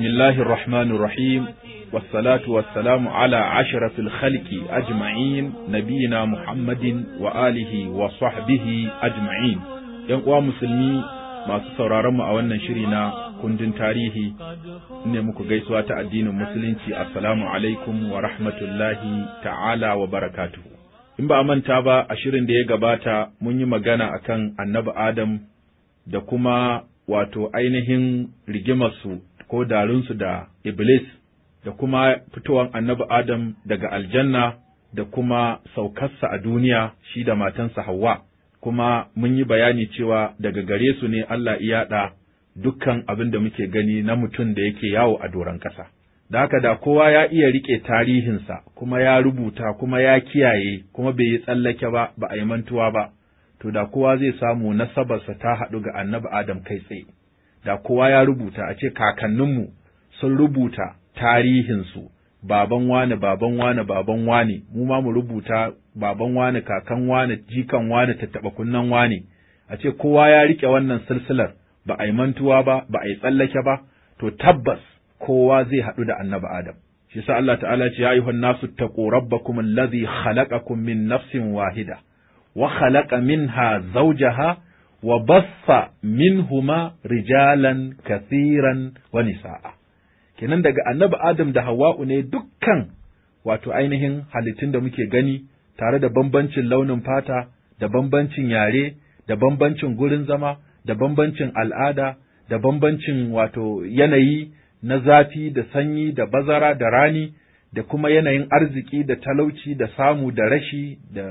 بسم الله الرحمن الرحيم والصلاة والسلام على أشرف الخلق أجمعين نبينا محمد وآله وصحبه أجمعين ينقوى مسلمي ما سورارم أولنا شرينا كندن تاريخي نمك قيسوة الدين المسلم السلام عليكم ورحمة الله تعالى وبركاته in ba a manta ba a shirin da ya gabata mun yi magana akan annabi Adam da kuma wato ainihin rigimarsu ko darinsu da Iblis da kuma fitowar annabi Adam daga aljanna da kuma saukarsa a duniya shi da matansa Hawwa, kuma mun yi bayani cewa daga gare su ne Allah ya yaɗa dukkan abin da muke gani na mutum da yake yawo a doron ƙasa. Da haka da kowa ya iya riƙe tarihinsa, kuma ya rubuta, kuma ya kiyaye, kuma bai yi tsallake ba, ba a yi mantuwa ba, to da kowa zai samu nasabarsa ta haɗu ga annabi Adam kai tsaye. da kowa ya rubuta a ce kakanninmu sun rubuta tarihinsu baban wani baban wani baban wani mu ma mu rubuta baban wani kakan wani jikan wani tattaba kunnen wani a ce kowa ya rike wannan silsilar ba a yi mantuwa ba ba a yi tsallake ba to tabbas kowa zai haɗu da annabi adam shi sa Allah ta'ala ce ya ayyuhan nasu taqu rabbakum allazi khalaqakum min nafsin wahida wa khalaqa minha zawjaha wa baffa minhuma rijalan kasiran wa kenan daga annabi Adam da Hawwa'u ne dukkan wato ainihin halittun da muke gani tare da bambancin launin fata da bambancin yare da bambancin gurin zama da bambancin al'ada da bambancin wato yanayi na zafi da sanyi da bazara da rani da kuma yanayin arziki da talauci da samu da rashi da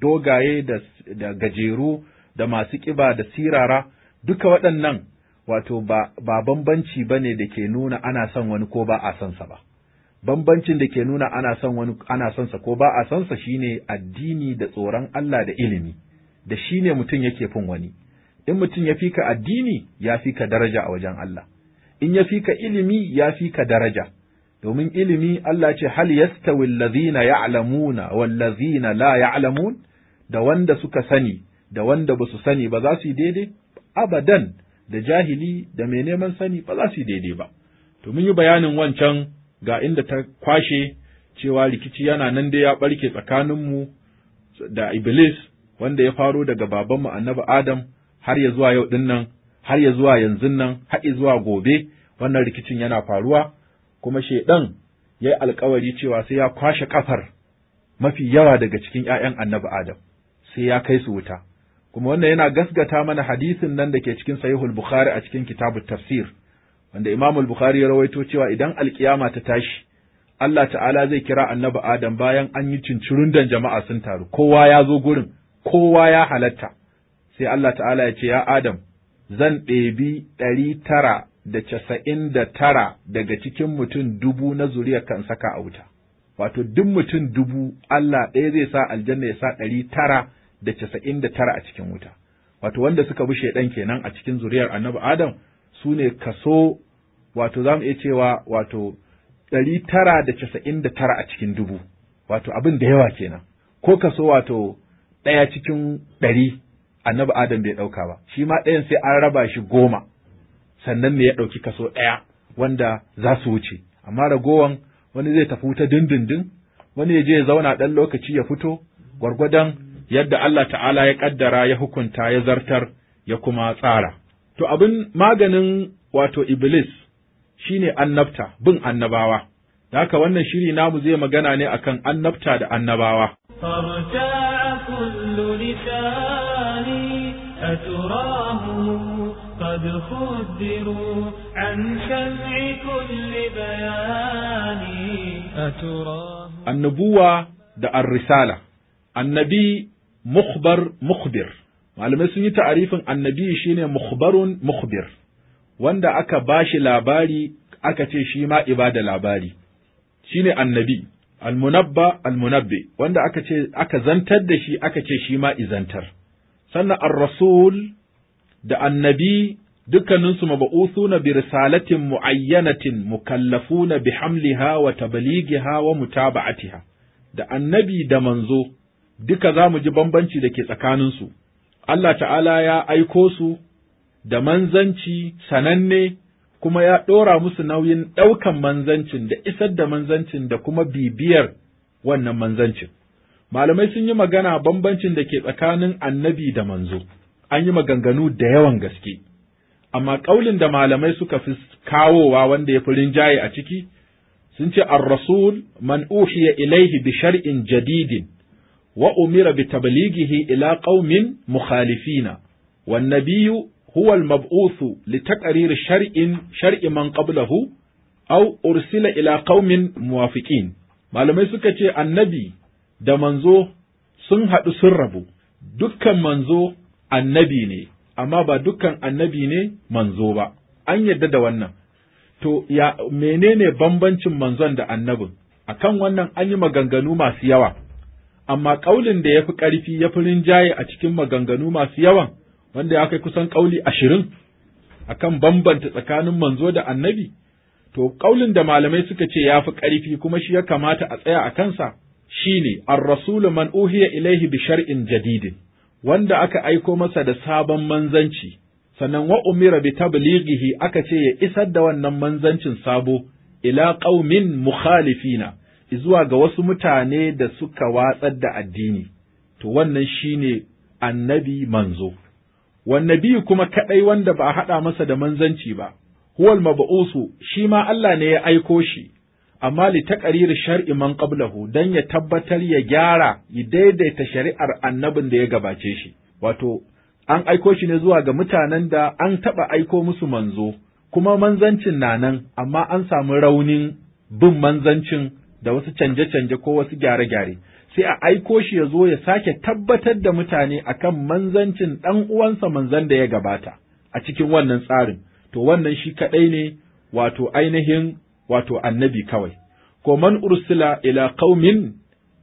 dogaye da, da gajeru da masu ƙiba da sirara duka waɗannan wato ba, ba bambanci ba ne da ke nuna ana son wani ko ba a sansa ba bambancin da ke nuna ana son wani ana sansa ko ba a sansa shi ne addini da tsoron Allah da ilimi da shi ne mutum yake fin wani in mutum ya fi ka addini ya fi ka daraja a wajen Allah in ya fi ka ilimi ya fi ka daraja domin ilimi Allah ce hal yastawi yaalamuna ya'lamuna wallazina la ya'lamun da wanda suka sani da wanda ba su sani ba za su yi daidai abadan da jahili da mai neman sani ba za su yi daidai ba to mun yi bayanin wancan ga inda ta kwashe cewa rikici yana nan dai ya barke tsakaninmu da iblis wanda ya faro daga babanmu annabi adam har ya zuwa yau dinnan, har ya zuwa yanzu nan har ya zuwa gobe wannan rikicin yana faruwa kuma shaidan ya yi alkawari cewa sai ya kwashe kafar mafi yawa daga cikin ’ya'yan annabi Adam, sai ya kai su wuta, kuma wannan yana gasgata mana hadisin nan da ke cikin sahihul bukhari a cikin kitabut tafsir wanda imamul bukhari ya rawaito cewa idan alkiyama ta tashi Allah ta'ala zai kira annabi Adam bayan an yi dan jama'a sun taru, kowa ya zo gurin, kowa ya halatta, sai Allah ta'ala ya ce, Ya Adam, zan ɗebi ɗari tara da casa'in da tara daga cikin mutum dubu na zuriyar kan saka a wuta. Wato, duk mutum dubu Allah ɗaya zai sa aljanna ya sa ɗari tara da casa'in da tara a cikin wuta wato wanda suka bi shaidan kenan a cikin zuriyar annabi adam su ne kaso wato za iya cewa wato ɗari tara da casa'in da tara a cikin dubu wato abin da yawa kenan ko kaso wato ɗaya cikin ɗari annabi adam bai ɗauka ba shi ma ɗayan sai an raba shi goma sannan ne ya ɗauki kaso ɗaya wanda za su wuce amma ragowan wani zai tafi wuta dindindin wani ya je ya zauna ɗan lokaci ya fito gwargwadon yadda Allah ta'ala ya ƙaddara ya hukunta ya zartar ya kuma tsara. To abin maganin wato Iblis shine ne annabta, bin annabawa, da haka wannan shiri namu zai magana ne akan annabta da annabawa. Annabuwa da ar annabi mukhbar mukhbir malamai sun yi ta'arifin annabi shine mukhbarun mukhbir wanda aka bashi labari aka ce shi ma ibada labari shine annabi almunabba almunabbi wanda aka ce aka zantar da shi aka ce shi ma izantar sannan ar-rasul da annabi dukkaninsu maba'uthuna bi risalatin muayyanatin mukallafuna bi hamliha wa tablighiha wa mutaba'atiha da annabi da manzo duka za mu ji bambanci da ke tsakaninsu. Allah ta'ala ya aiko su da manzanci sananne kuma ya ɗora musu nauyin ɗaukan manzancin da isar da manzancin da kuma bibiyar wannan manzancin. Malamai sun yi magana bambancin da ke tsakanin annabi da manzo, an yi maganganu da yawan gaske, amma ƙaulin da malamai suka fi kawowa wanda ya fi a ciki, sun ce ar-rasul man uhiya ilaihi bi shar'in jadidin wa umira bi tablighihi ila ƙaumin mukhalifina wan nabiyyu huwa al mab'uthu li taqrir shar'in shar'i man qablahu ursila ila ƙaumin muwafiqin malamai suka ce annabi da manzo sun haɗu sun rabu dukkan manzo annabi ne amma ba dukkan annabi ne manzo ba an yadda da wannan to ya menene bambancin manzon da annabin akan wannan an yi maganganu masu yawa amma ƙaulin da ya fi ƙarfi ya fi rinjaye a cikin maganganu masu yawan wanda ya kai kusan ƙauli ashirin akan bambanta tsakanin manzo da annabi to ƙaulin da malamai suka ce ya fi ƙarfi kuma shi ya kamata a tsaya a kansa shi shine ar-rasulu man uhiya ilaihi bi shar'in jadidin wanda aka aiko masa da sabon manzanci sannan wa umira bi tablighihi aka ce ya isar da wannan manzancin sabo ila qaumin mukhalifina zuwa ga wasu mutane da suka watsar da addini, to wannan shi annabi manzo, wannabi kuma kaɗai wanda ba a haɗa masa da manzanci ba, huwal maba'usu shi ma Allah ne ya aiko shi, amma li taƙariri shar'i man qablahu dan ya tabbatar ya gyara ya daidaita shari'ar annabin da ya gabace shi wato an aiko shi ne zuwa ga mutanen da an taɓa aiko musu manzo kuma manzancin na nan amma an samu raunin bin manzancin da wasu canje-canje ko wasu gyare-gyare sai a aiko shi ya zo ya sake tabbatar da mutane akan manzancin ɗan uwansa manzan da ya gabata a cikin wannan tsarin to wannan shi kaɗai ne wato ainihin wato annabi kawai Koman ursula ursila ila qaumin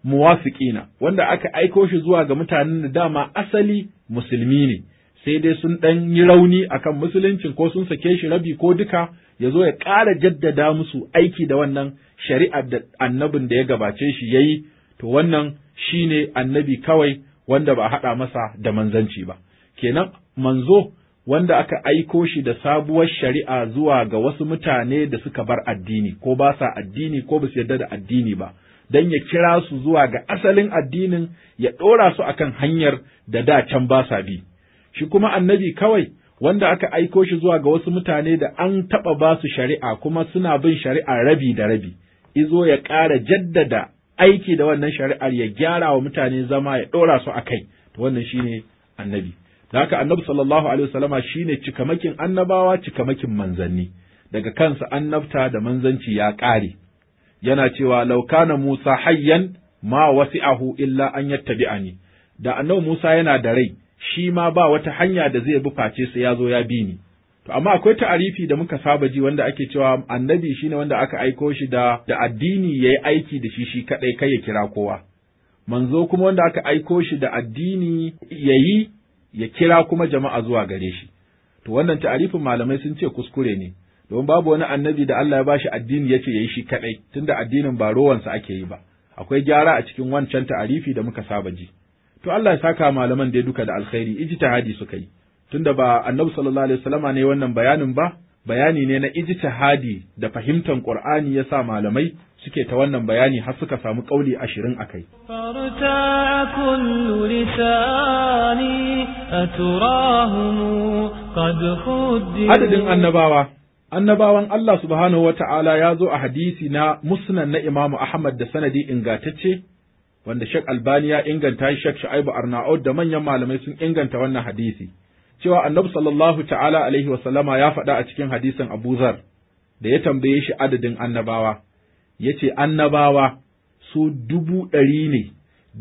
muwafiqina wanda aka aiko shi zuwa ga mutanen da dama asali musulmi ne sai dai sun ɗan yi rauni akan musuluncin ko sun sake shi rabi ko duka ya zo ya ƙara jaddada musu aiki da wannan shari'ar da annabin da ya gabace shi ya yi, to wannan shi ne annabi kawai wanda ba haɗa masa da manzanci ba. Kenan manzo wanda aka aiko shi da sabuwar shari'a zuwa ga wasu mutane da suka bar addini, ko ba sa addini ko ba su yarda da addini ba. don ya kira su zuwa ga asalin addinin ya ɗora su akan hanyar da da can ba sa bi. Shi kuma annabi kawai wanda aka aiko shi zuwa ga wasu mutane da an taɓa ba su shari'a kuma suna bin shari'a rabi da rabi, izo ya ƙara jaddada aiki da wannan shari'ar ya gyara wa mutane zama ya ɗora su a kai, to wannan shine annabi. Da haka annabi sallallahu alaihi wasallama shine cikamakin annabawa cikamakin manzanni, daga kansa annabta da manzanci ya ƙare. Yana cewa laukana Musa hayyan ma wasi'ahu illa an yattabi'ani. Da annabi Musa yana da rai, shi ma ba wata hanya da zai bi face sai ya zo ya bi ni to amma akwai ta'arifi da muka saba ji wanda ake cewa annabi shi ne wanda aka aiko shi da da addini yayi aiki da shi shi kaɗai kai ya kira kowa manzo kuma wanda aka aiko shi da addini yayi ya kira kuma jama'a zuwa gare shi to wannan ta'arifin malamai sun ce kuskure ne domin babu wani annabi da Allah ya bashi addini yace yayi shi kaɗai, tunda addinin ba rowansa ake yi ba akwai gyara a cikin wancan ta'arifi da muka saba ji to Allah ya saka malaman dai duka da alkhairi ijtihadi suka yi tunda ba Annabi sallallahu alaihi wasallama ne wannan bayanin ba bayani ne na ijtihadi da fahimtar Qur'ani ya sa malamai suke ta wannan bayani har suka samu kauli ashirin a kai. Adadin annabawa Annabawan Allah subhanahu wa ta'ala ya zo a hadisi na musnan na Imamu Ahmad da sanadi ingatacce wanda Sheikh Albani ya inganta Sheikh Shu'aibu Arnaud da manyan malamai sun inganta wannan hadisi cewa Annabi sallallahu ta'ala alaihi wa sallama ya faɗa a cikin hadisin Abu Zar da ya tambaye shi adadin annabawa yace annabawa su dubu ɗari ne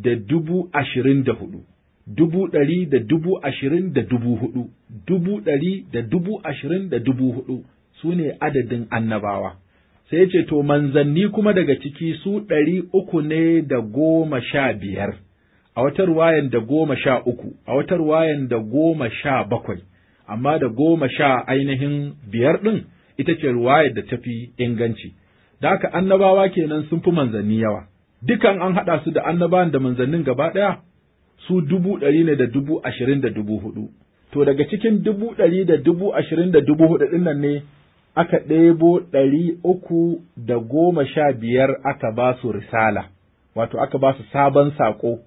da dubu ashirin da hudu dubu ɗari da dubu ashirin da dubu hudu dubu ɗari da dubu ashirin da dubu hudu su ne adadin annabawa sai ya ce to manzanni kuma daga ciki su ɗari uku ne da goma sha biyar a wata ruwayan da goma sha uku a wata ruwayan da goma sha bakwai amma da goma sha ainihin biyar ɗin ita ce ruwayar da tafi inganci da haka annabawa kenan sun fi manzanni yawa dukan an haɗa su da annabawan da manzannin gaba ɗaya su dubu ɗari ne da dubu ashirin da dubu hudu to daga cikin dubu ɗari da dubu ashirin da dubu hudu ɗin nan ne aka ɗebo ɗari uku da goma sha biyar aka ba su risala, wato aka ba su sabon saƙo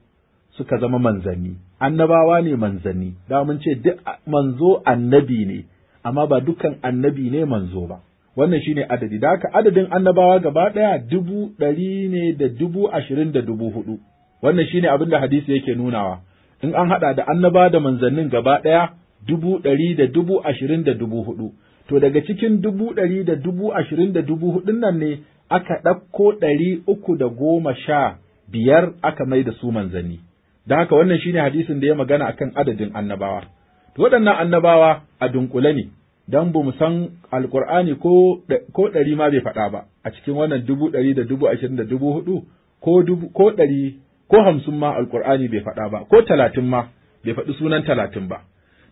suka zama manzanni. Annabawa ne manzanni, da mun ce duk manzo annabi ne, amma ba dukan annabi ne manzo ba. Wannan shi ne adadi, da haka adadin annabawa gaba ɗaya dubu ɗari ne da dubu ashirin da dubu hudu. Wannan shine abin da hadisi yake nunawa. In an haɗa da annaba da manzannin gaba ɗaya dubu ɗari da dubu ashirin da dubu hudu. to daga cikin dubu ɗari da dubu ashirin da dubu huɗun nan ne aka ɗauko ɗari uku da goma sha biyar aka mai da su manzanni. Don haka wannan shine hadisin da ya magana akan adadin annabawa. To waɗannan annabawa a dunƙule ne, don ba mu san alƙur'ani ko ɗari ma bai faɗa ba, a cikin wannan dubu ɗari da dubu ashirin da dubu huɗu ko ɗari ko hamsin ma alƙur'ani bai faɗa ba, ko talatin ma bai faɗi sunan talatin ba.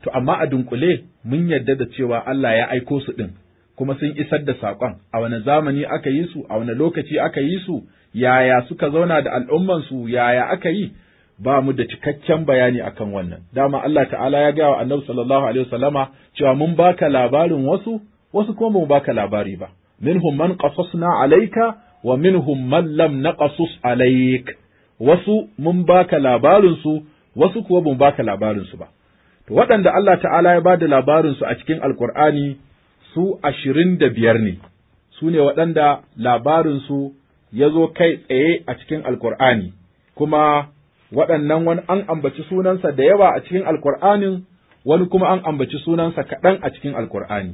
To amma a dunkule mun yarda da cewa Allah ya aiko su ɗin, kuma sun isar da saƙon, a wani zamani aka yi su, a wani lokaci aka yi su, yaya suka zauna da al'ummansu, yaya aka yi, ba mu da cikakken bayani akan wannan. Dama Allah ta'ala ya gaya wa annabi sallallahu alaihi wasallama cewa mun baka labarin wasu, wasu kuma mu baka labari ba. Minhum man qasasna alayka wa minhum man lam naqasus alayk. Wasu mun baka labarin su, wasu kuwa mun baka labarin su ba. To waɗanda Allah ta'ala ya ba da labarinsu a cikin Alƙur'ani su ashirin da biyar ne, su ne waɗanda labarinsu ya zo kai tsaye a cikin Alƙur'ani, kuma waɗannan wani an ambaci sunansa da yawa a cikin Alƙur'anin, wani kuma an ambaci sunansa kaɗan a cikin Alƙur'ani.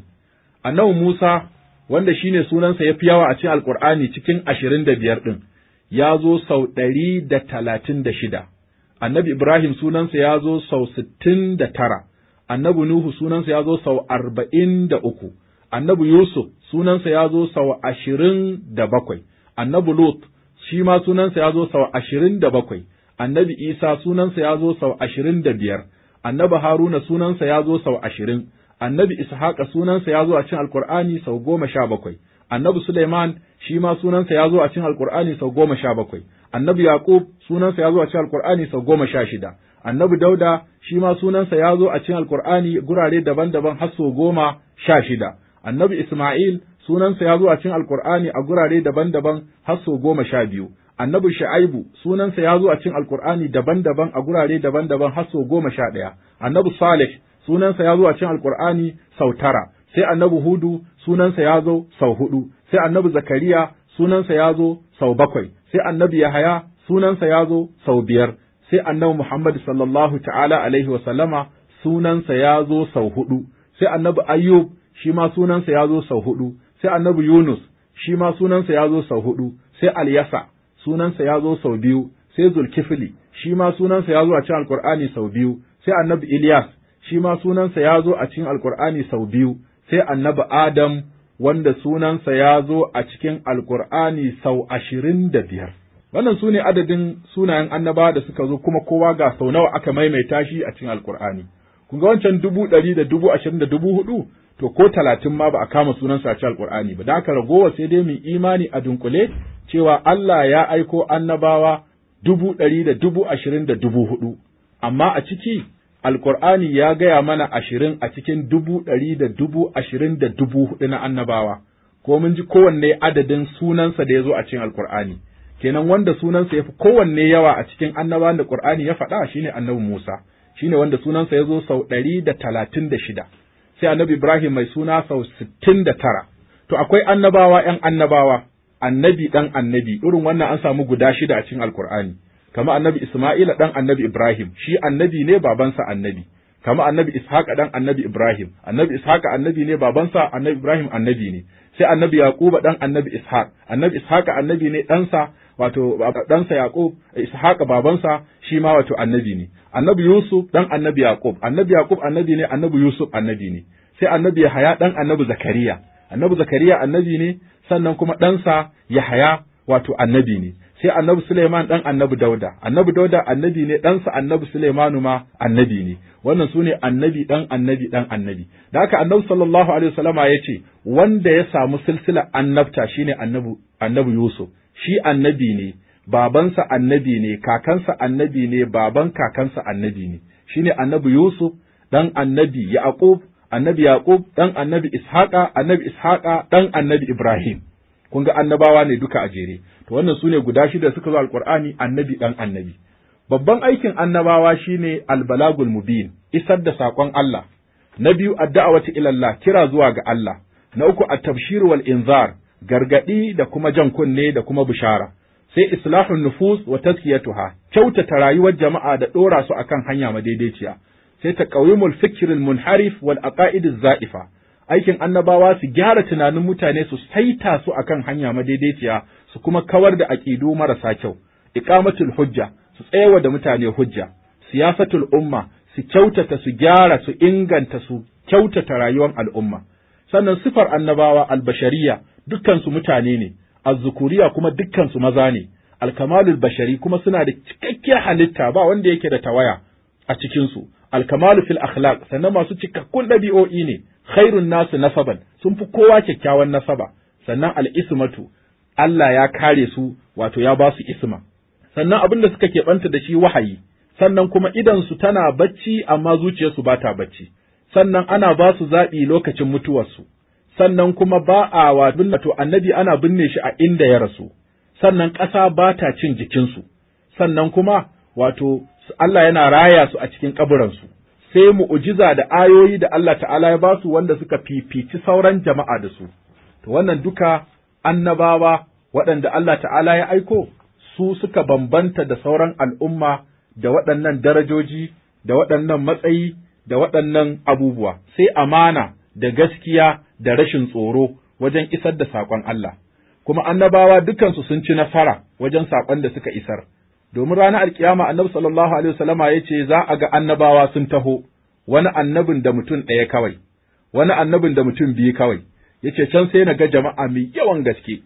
Annabi Musa, wanda shi ne sunansa ya fi yawa a cikin Alƙur'ani cikin ashirin da biyar ɗin, ya zo sau ɗari da talatin da shida. annabi Ibrahim sunansa ya zo sau sittin da tara, annabi Nuhu sunansa ya zo sau arba'in da uku, annabi Yusuf sunansa ya zo sau ashirin da bakwai, annabi lot shi ma sunansa ya zo sau ashirin da bakwai, annabi Isa sunansa ya zo sau ashirin da biyar, annabi Haruna sunansa ya zo sau ashirin, annabi Ishaqa sunansa ya zo a cin Alƙur'ani sau goma sha bakwai, annabi Suleiman shi ma sunansa ya zo a cin Alƙur'ani sau goma sha bakwai, annabi yaqub sunansa ya zo a cikin alqur'ani sau goma sha shida annabi dauda shi ma sunansa ya zo a cikin alqur'ani gurare daban-daban har sau goma sha shida annabi isma'il sunansa ya zo a cikin alqur'ani a gurare daban-daban har sau goma sha biyu annabi sha'aibu sunansa ya zo a cikin alqur'ani daban-daban a gurare daban-daban har sau goma sha ɗaya annabi salih sunansa ya zo a cikin alqur'ani sau tara sai annabi hudu sunansa ya zo sau hudu sai annabi zakariya sunansa ya zo sau bakwai sai annabi Yahaya sunansa ya zo sau biyar sai annabi Muhammad sallallahu ta'ala alaihi wa sallama sunansa ya zo sau hudu sai annabi Ayyub shi ma sunansa ya zo sau hudu sai annabi Yunus shi ma sunansa ya zo sau hudu sai Alyasa sunansa ya zo sau biyu sai Zulkifli shi ma sunansa ya zo a cikin Alƙur'ani sau biyu sai annabi Ilyas shi ma sunansa ya zo a cikin Alƙur'ani sau biyu sai annabi Adam wanda sunansa ya zo a cikin alkur'ani sau ashirin da biyar wannan su ne adadin sunayen annaba da suka zo kuma kowa ga sau nawa aka maimaita shi a cikin alkur'ani kun ga wancan dubu ɗari da dubu ashirin da dubu hudu to ko talatin ma ba a kama sunansa a cikin alkur'ani ba da aka ragowa sai dai mu imani a dunkule cewa Allah ya aiko annabawa dubu ɗari da dubu ashirin da dubu hudu amma a ciki Alƙur'ani ya gaya mana ashirin a cikin dubu ɗari da dubu ashirin da dubu huɗu na annabawa, ko mun ji kowanne adadin sunansa da ya zo a cikin Alƙur'ani. Kenan wanda sunansa ya fi kowanne yawa a cikin annabawan da Ƙur'ani ya faɗa shine annabi Musa, shine wanda sunansa ya zo sau ɗari da talatin da shida. Sai annabi Ibrahim mai suna sau sittin da tara. To akwai annabawa ‘yan annabawa, annabi ɗan annabi, irin wannan an samu guda shida a cikin Alƙur'ani. kama annabi Isma'ila dan annabi Ibrahim shi annabi ne babansa annabi kama annabi Ishaqa dan annabi Ibrahim annabi Ishaqa annabi ne babansa annabi Ibrahim annabi ne sai annabi Yaquba dan annabi Ishaq annabi Ishaqa annabi ne ɗansa wato ɗansa Yaqub Ishaqa babansa shi ma wato annabi ne annabi Yusuf dan annabi Yaqub annabi Yaqub annabi ne annabi Yusuf annabi ne sai annabi Yahaya dan annabi Zakariya annabi Zakariya annabi ne sannan kuma ɗansa Yahaya wato annabi ne sai annabi Suleiman dan annabi Dauda annabi Dauda annabi ne ɗansa annabi Suleimanu ma annabi ne wannan su ne annabi dan annabi dan annabi da haka annabi sallallahu alaihi wasallama ya ce wanda ya samu silsilar annabta shine annabi annabi Yusuf shi annabi ne babansa annabi ne kakansa annabi ne baban kakansa annabi ne shine annabi Yusuf ɗan annabi Yaqub annabi Yaqub ɗan annabi Ishaqa annabi Ishaqa ɗan annabi Ibrahim kun ga annabawa ne duka a jere to wannan su ne guda shida suka zo alqur'ani annabi dan annabi babban aikin annabawa shine albalagul mubin isar da saƙon Allah na biyu addu'awati wata ilalla kira zuwa ga Allah na uku at-tabshir wal inzar gargadi da kuma jan kunne da kuma bishara sai islahun nufus wa tazkiyatuha kyautata rayuwar jama'a da dora su akan hanya madaidaiciya sai taqawimul fikril munharif wal aqaidiz za'ifa aikin annabawa su gyara tunanin mutane su saita su akan hanya madaidaiciya su kuma kawar da aƙidu marasa kyau iqamatul hujja su tsayawa da mutane hujja siyasatul umma su kyautata su gyara su inganta su kyautata rayuwar al'umma sannan sifar annabawa albashariya dukkansu mutane ne azzukuriya kuma dukkansu maza ne alkamalul bashari kuma suna da cikakkiyar halitta ba wanda yake da tawaya a cikinsu alkamalu fil akhlaq sannan masu cikakkun ɗabi'o'i ne khairun nasu nasaban sun fi kowa kyakkyawan nasaba sannan al'ismatu Allah ya kare su wato ya ba su isma sannan abin da suka keɓanta da shi wahayi sannan kuma idansu tana bacci amma zuciyarsu ba ta bacci sannan ana ba su zaɓi lokacin mutuwarsu sannan kuma ba a wato annabi ana binne shi a inda ya rasu sannan ƙasa ba ta cin jikinsu sannan kuma wato Allah yana raya su a cikin kaburansu sai mu'ujiza da ayoyi da Allah ta'ala ya ba su wanda suka fifici sauran jama'a da su. To wannan duka annabawa waɗanda Allah ta'ala ya aiko su suka bambanta da sauran al'umma da waɗannan darajoji, da waɗannan matsayi, da waɗannan abubuwa, sai amana da gaskiya da rashin tsoro wajen isar da saƙon Allah. Kuma annabawa dukansu sun ci nasara wajen saƙon da suka isar. domin ranar alkiyama annabi sallallahu alaihi wasallama ya ce za a ga annabawa sun taho wani annabin da mutum ɗaya kawai wani annabin da mutum biyu kawai yace can sai na ga jama'a mai yawan gaske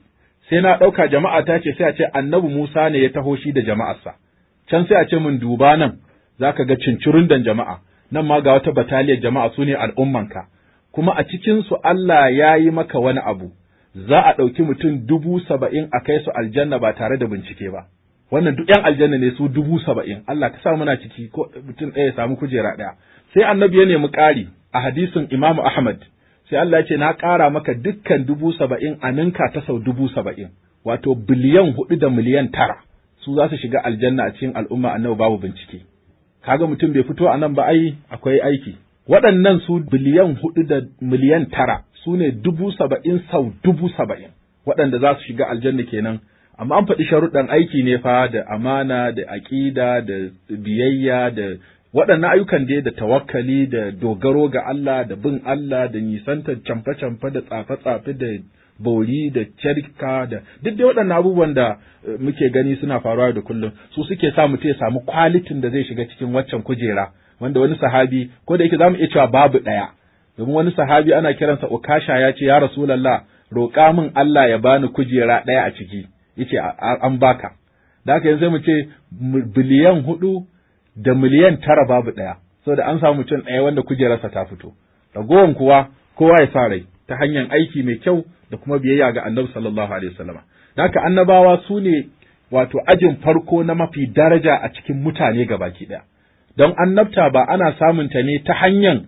sai na ɗauka jama'a ta ce sai a ce annabi Musa ne ya taho shi da jama'arsa can sai a ce mun duba nan zaka ga cincirin dan jama'a nan ma ga wata bataliyar jama'a su ne al'ummanka kuma a cikin su Allah ya yi maka wani abu za a ɗauki mutum dubu saba'in a kai su aljanna ba tare da bincike ba. wannan duk yan aljanna ne su dubu saba'in Allah ka sa muna ciki ko mutum ɗaya ya samu kujera ɗaya sai annabi ya nemi ƙari a hadisin Imam Ahmad sai Allah ya ce na ƙara maka dukkan dubu saba'in a ninka ta sau dubu saba'in wato biliyan hudu da miliyan tara su za su shiga aljanna a cikin al'umma annabi babu bincike kaga mutum bai fito a nan ba ai akwai aiki waɗannan su biliyan hudu da miliyan tara su ne dubu saba'in sau dubu saba'in waɗanda za su shiga aljanna kenan amma an faɗi sharuɗan aiki ne fa da amana da aƙida da biyayya da waɗannan ayyukan dai da tawakkali da dogaro ga Allah da bin Allah da nisantar camfe-camfe da tsafe-tsafe da bori da cerka da duk dai waɗannan abubuwan da eh, muke gani suna faruwa da kullum su suke sa mutum ya samu kwalitin da zai shiga cikin waccan kujera wanda wani sahabi ko da yake zamu iya cewa babu ɗaya domin wani sahabi ana kiransa ukasha ya ce ya rasulallah roƙa min Allah ya bani kujera ɗaya a ciki yace an baka da haka yanzu mu ce biliyan hudu da miliyan tara babu ɗaya saboda an samu mutum ɗaya wanda kujerarsa ta fito ragowan kuwa kowa ya sa rai ta hanyar aiki mai kyau da kuma biyayya ga annabi sallallahu alaihi wasallama da haka annabawa su ne wato ajin farko na mafi daraja a cikin mutane gabaki ɗaya don annabta ba ana samun ta ne ta hanyar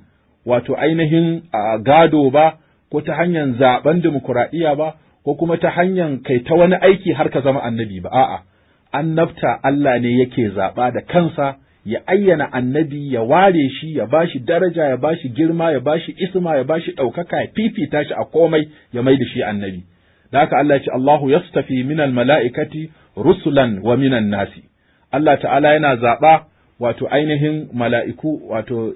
wato ainihin gado ba ko ta hanyar zaben dimokuraɗiyya ba ko kuma ta hanyar kai ta wani aiki har ka zama annabi ba a'a annabta Allah ne yake zaɓa da kansa ya ayyana annabi ya ware shi ya bashi daraja ya bashi girma ya bashi isma ya bashi ɗaukaka ya fifita shi a komai ya mai da shi annabi da haka Allah ce Allahu yastafi minal mala'ikati rusulan wa minan nasi Allah ta'ala yana zaɓa wato ainihin mala'iku wato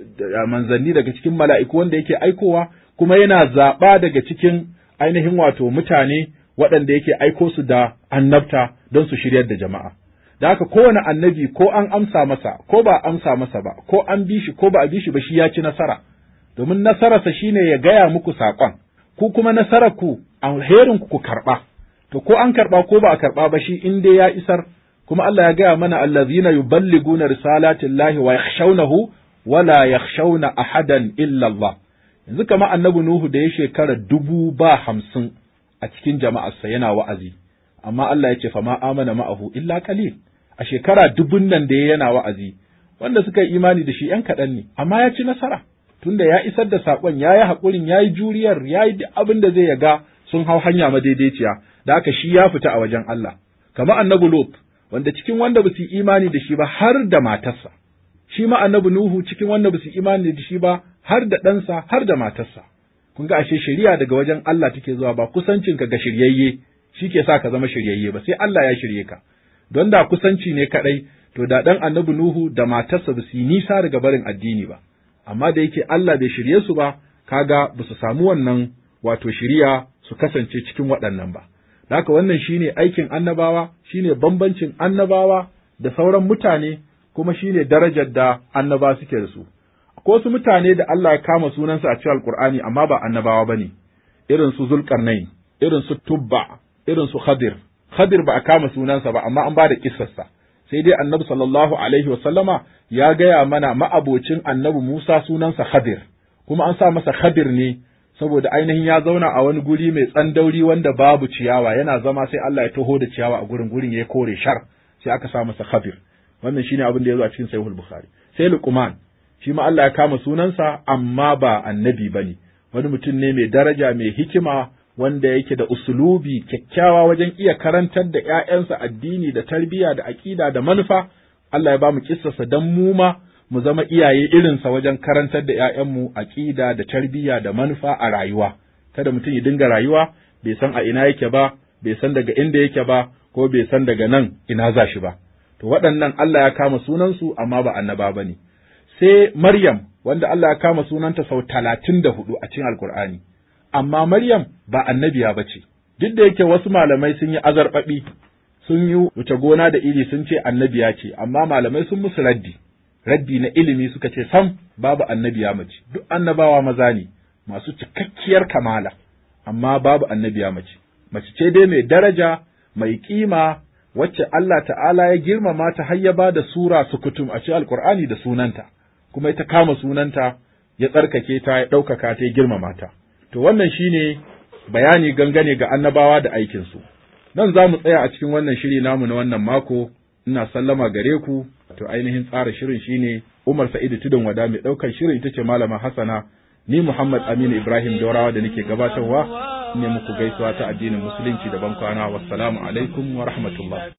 manzanni daga cikin mala'iku wanda yake aikowa kuma yana zaɓa daga cikin ainihin wato mutane waɗanda yake aiko su da annabta don su shiryar da jama'a. Da haka kowane annabi ko an amsa masa ko ba amsa masa ba ko an bi shi ko ba a bi shi ba shi ya ci nasara. Domin nasararsa shine ya gaya muku saƙon, ku kuma nasarar ku alherin ku karɓa. To ko an karɓa ko ba a karɓa ba shi in dai ya isar kuma Allah ya gaya mana allazina yuballiguna risalatillahi wa yakhshawnahu wala yakhshawna ahadan illa Allah. yanzu kama annabi Nuhu da ya shekara dubu ba hamsin a cikin jama'arsa yana wa'azi amma Allah ya ce fama amana ma'ahu illa kalil a shekara dubun nan da yana wa'azi wanda suka yi imani da shi ‘yan kaɗan ne, amma ya ci nasara, tunda ya isar da saƙon ya yi haƙurin, ya yi juriyar, ya yi abin da zai ya ga sun hau hanya madaidaiciya, da aka shi ya fita a wajen Allah. Kamar annabi Lot, wanda cikin wanda ba su yi imani da shi ba har da matarsa, shi ma annabi Nuhu cikin wanda basu imani da shi ba har da ɗansa har da matarsa kun ga ashe shari'a daga wajen Allah take zuwa ba ka ga shiryayye shi ke sa ka zama shiryayye ba sai Allah ya shirye ka don da kusanci ne kaɗai to da ɗan annabi Nuhu da matarsa ba su yi nisa daga barin addini ba amma da yake Allah bai shirye su ba kaga ba su samu wannan wato shiriya su kasance cikin waɗannan ba haka wannan shine aikin annabawa shine bambancin annabawa da sauran mutane kuma shine darajar da annaba suke da su ko wasu mutane da Allah ya kama sunansa a cikin alkur'ani amma ba annabawa ne. irin su zulkarnain irin su tubba irin su khadir khadir ba a kama sunansa ba amma an ba da kissarsa sai dai annabi sallallahu alaihi wasallama ya gaya mana ma'abocin annabi Musa sunansa Khadir kuma an sa masa Khadir ne saboda ainihin ya zauna a wani guri mai tsandauri wanda babu ciyawa yana zama sai Allah ya taho da ciyawa a gurin gurin ya kore shar sai aka sa masa Khadir wannan shine abin da ya zo a cikin sahihul bukhari sai luqman shi ma Allah ya kama sunansa amma ba annabi bane wani mutum ne mai daraja mai hikima wanda yake da usulubi kyakkyawa wajen iya karantar da ’ya'yansa addini da tarbiyya da aƙida da manufa, Allah ya ba mu kissarsa don mu ma mu zama iyaye irinsa wajen karantar da ’ya'yanmu aƙida da tarbiyya da manufa a rayuwa. Kada mutum ya dinga rayuwa bai san a ina yake ba, bai san daga inda yake ba, ko bai san daga nan ina za shi ba. to waɗannan Allah ya kama sunansu amma ba annaba ba ne. Sai Maryam wanda Allah ya kama sunanta sau talatin da hudu a cikin Alkur'ani, amma Maryam ba annabiya ba ce, duk da yake wasu malamai sun yi azarɓaɓi, sun yi wuce gona da iri sun ce annabiya ce, amma malamai sun musu raddi, raddi na ilimi suka ce sam babu annabiya mace, duk annabawa maza ne masu cikakkiyar kamala, amma babu annabiya mace, mace ce dai mai daraja, mai kima, wacce Allah ta'ala ya girmama ta har ya bada sura sukutum a cikin alkur'ani da sunanta kuma ita kama sunanta ya tsarkake ta ya ɗaukaka ta ya girmama ta to wannan shine bayani gangane ga annabawa da aikinsu nan za mu tsaya a cikin wannan shiri namu na wannan mako ina sallama gare ku to ainihin tsara shirin shine Umar Sa'idu Tudun Wada mai ɗaukar shirin ita ce Malama Hassana ni Muhammad Aminu Ibrahim Daurawa da nake gabatarwa ne muku gaisuwa ta addinin musulunci daban ban kwana wassalamu alaikum wa rahmatullah